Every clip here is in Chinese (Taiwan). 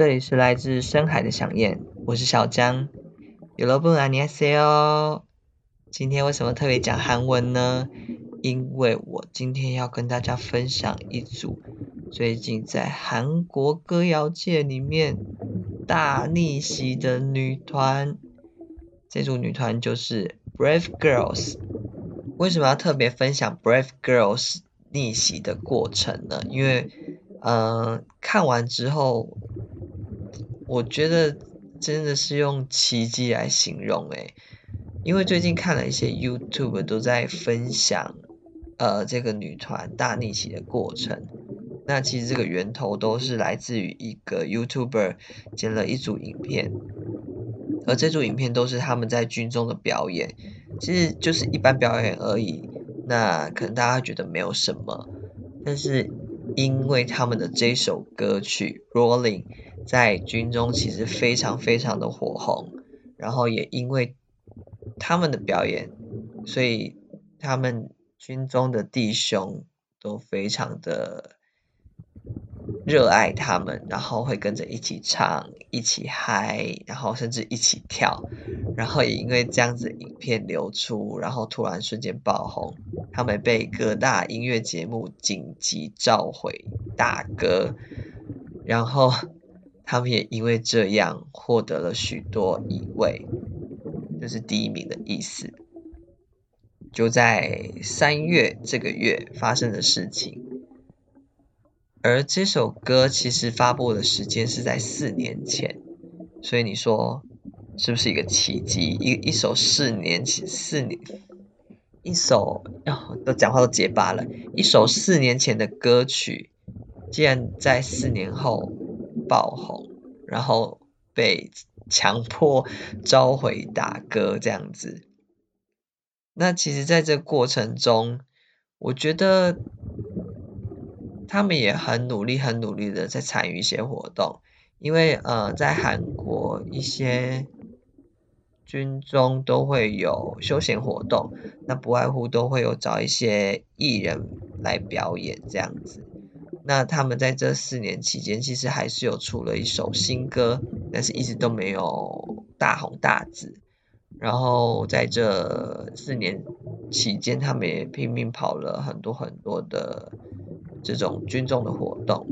這裡是來自深海的想念，我是小江，여러분안녕하세요。今天為什麼特別講韓文呢？因為我今天要跟大家分享一組最近在韓國歌謠界裡面大逆襲的女團。這組女團就是 Brave Girls。為什麼要特別分享 Brave Girls 逆襲的過程呢？因為，嗯、呃，看完之後。我覺得真的是用奇蹟來形容誒，因為最近看了一些 YouTube 都在分享呃這個女團大逆襲的過程。那其實這個源頭都是來自於一個 YouTuber 剪了一組影片，而這組影片都是他們在軍中的表演，其實就是一般表演而已。那可能大家覺得沒有什麼，但是。因為他們的這首歌曲《Rollin'》在軍中其實非常非常的火紅，然後也因為他們的表演，所以他們軍中的弟兄都非常的熱愛他們，然後會跟着一起唱、一起嗨，然後甚至一起跳。然後也因為這樣子影片流出，然後突然瞬間爆紅，他們被各大音樂節目緊急召回打歌。然後他們也因為這樣獲得了許多一位，這，就是第一名的意思。就在三月這個月發生的事情。而這首歌其實發布的時間是在四年前，所以你說是不是一個奇蹟？一一首四年前四年，一首啊，都講話都結巴了，一首四年前的歌曲，竟然在四年後爆紅，然後被強迫召回打歌這樣子。那其實，在這過程中，我覺得。他們也很努力、很努力的在參與一些活動，因為呃，在韓國一些軍中都會有休閒活動，那不外乎都會有找一些藝人來表演這樣子。那他們在這四年期間，其實還是有出了一首新歌，但是一直都沒有大紅大紫。然後在這四年期間，他們也拼命跑了很多很多的。這種軍中的活動，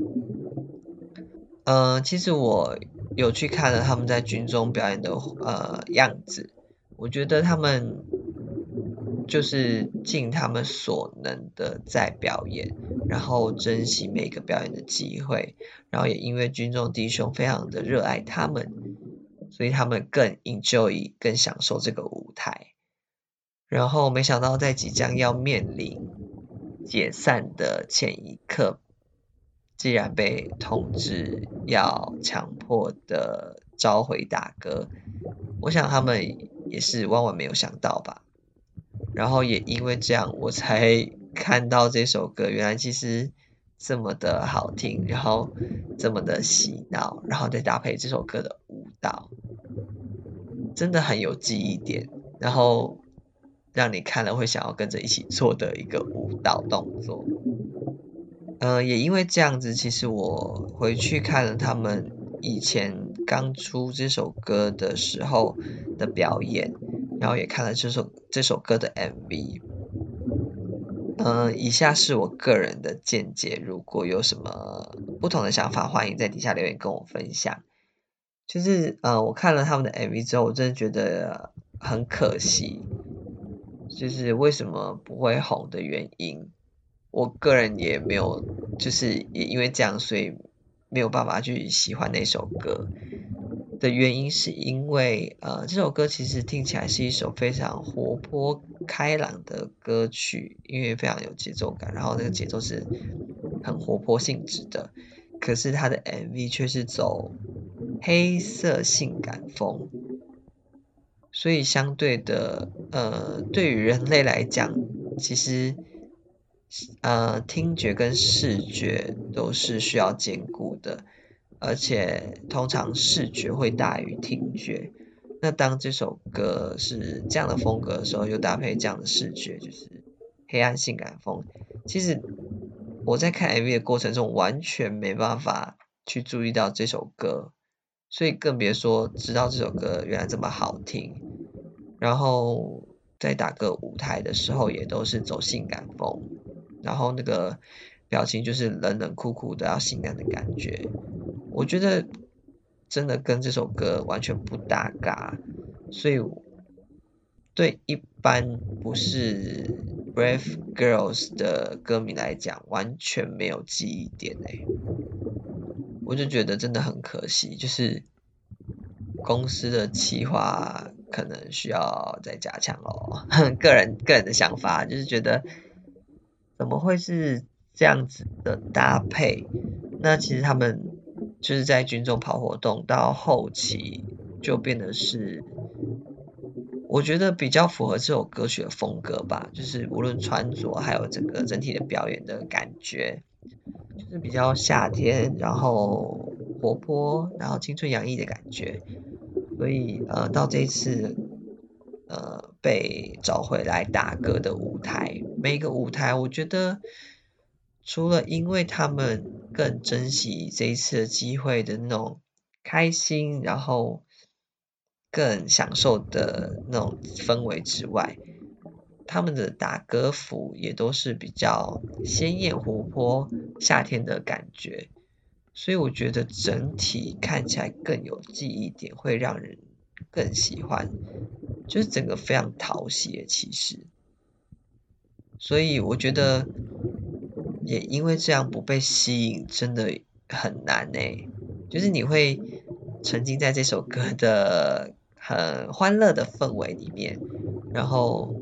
呃，其實我有去看了他們在軍中表演的呃樣子，我覺得他們就是盡他們所能的在表演，然後珍惜每個表演的機會，然後也因為軍中弟兄非常的熱愛他們，所以他們更 enjoy，更享受這個舞台，然後沒想到在即將要面臨。解散的前一刻，竟然被通知要強迫的召回大哥，我想他們也是萬萬沒有想到吧。然後也因為這樣，我才看到這首歌，原來其實這麼的好聽，然後這麼的洗腦，然後再搭配這首歌的舞蹈，真的很有記憶點。然後。讓你看了會想要跟着一起做的一個舞蹈動作。嗯、呃，也因為這樣子，其實我回去看了他們以前剛出這首歌的時候的表演，然後也看了這首這首歌的 MV。嗯、呃，以下是我個人的見解，如果有什麼不同的想法，歡迎在底下留言跟我分享。就是，嗯、呃，我看了他們的 MV 之後，我真的覺得很可惜。就是為什麼不會紅的原因，我個人也沒有，就是也因為這樣，所以沒有辦法去喜歡那首歌的原因，是因為呃，這首歌其實聽起來是一首非常活潑開朗的歌曲，因為非常有節奏感，然後那個節奏是很活潑性質的，可是它的 MV 卻是走黑色性感風。所以相對的，呃，對於人類來講，其實，呃，聽覺跟視覺都是需要兼顧的，而且通常視覺會大於聽覺。那當這首歌是這樣的風格的時候，又搭配這樣的視覺，就是黑暗性感風。其實我在看 MV 的過程中，完全沒辦法去注意到這首歌，所以更別說知道這首歌原來這麼好聽。然後在打歌舞臺的時候也都是走性感風，然後那個表情就是冷冷酷酷的，要性感的感覺。我覺得真的跟這首歌完全不搭嘎，所以對一般不是 Brave Girls 的歌迷來講完全沒有記憶點誒、欸，我就覺得真的很可惜，就是公司的企劃。可能需要再加強哦，個人個人的想法就是覺得怎麼會是這樣子的搭配？那其實他們就是在軍中跑活動，到後期就變得是，我覺得比較符合這首歌曲的風格吧，就是無論穿着還有整個整體的表演的感覺，就是比較夏天，然後活潑，然後青春洋溢的感覺。所以，呃，到這一次，呃，被找回來打歌的舞台，每一個舞台，我覺得，除了因為他們更珍惜這一次的機會的那種開心，然後更享受的那種氛圍之外，他們的打歌服也都是比較鮮豔活潑、夏天的感覺。所以我覺得整體看起來更有記憶點，會讓人更喜歡，就是整個非常討喜的其實。所以我覺得，也因為這樣不被吸引真的很難誒，就是你會沉浸在這首歌的很歡樂的氛圍裡面，然後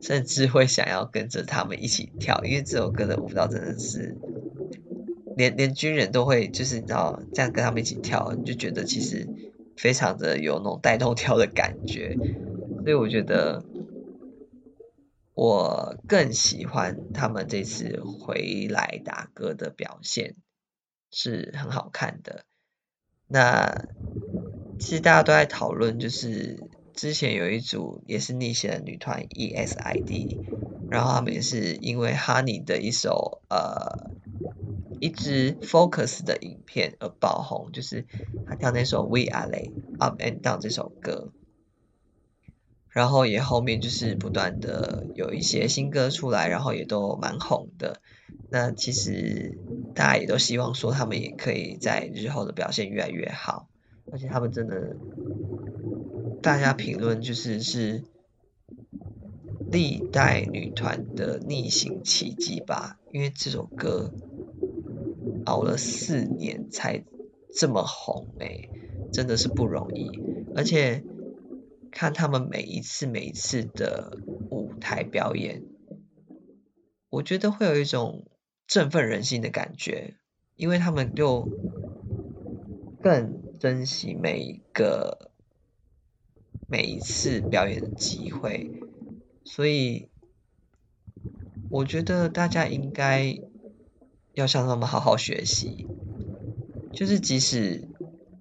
甚至會想要跟着他們一起跳，因為這首歌的舞蹈真的是。連連軍人都會，就是你知道這樣跟他們一起跳，就覺得其實非常的有那種帶動跳的感覺。所以我覺得我更喜歡他們這次回來打歌的表現是很好看的。那其實大家都在討論，就是之前有一組也是逆襲的女團 ESID，然後他們也是因為哈尼的一首呃。一支 focus 的影片而爆紅，就是他跳那首 We Are Up and Down 這首歌，然後也後面就是不斷的有一些新歌出來，然後也都蠻紅的。那其實大家也都希望說他們也可以在日後的表現越來越好，而且他們真的，大家評論就是是歷代女團的逆行奇蹟吧，因為這首歌。熬了四年才這麼紅哎、欸，真的是不容易。而且看他們每一次每一次的舞台表演，我覺得會有一種振奮人心的感覺，因為他們就更珍惜每一個每一次表演的機會，所以我覺得大家應該。要向他們好好學習，就是即使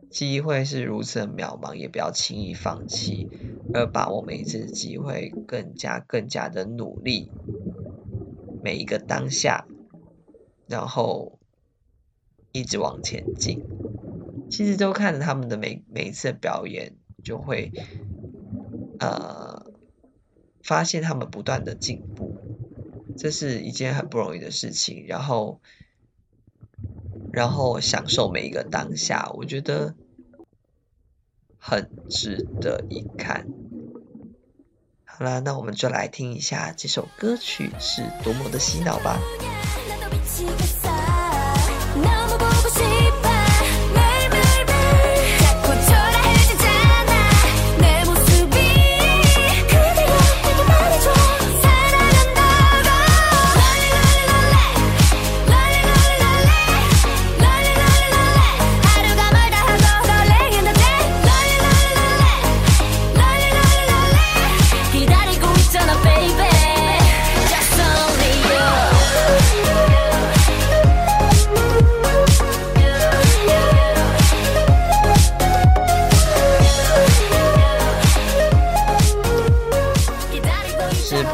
機會是如此的渺茫，也不要輕易放棄，而把握每一次機會，更加更加的努力，每一個當下，然後一直往前進。其實都看着他們的每每一次的表演，就會呃發現他們不斷的進步，這是一件很不容易的事情，然後。然後享受每一個當下，我覺得很值得一看。好啦，那我們就來聽一下這首歌曲是多麼的洗腦吧。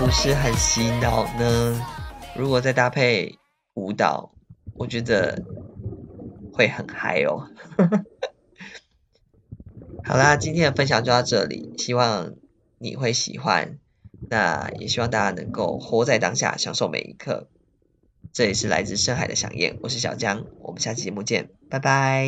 不是很洗腦呢？如果再搭配舞蹈，我覺得會很嗨哦。 好啦，今天的分享就到這裡，希望你會喜歡。那也希望大家能夠活在當下，享受每一刻。這裡是來自深海的想念，我是小江，我們下期節目見，拜拜。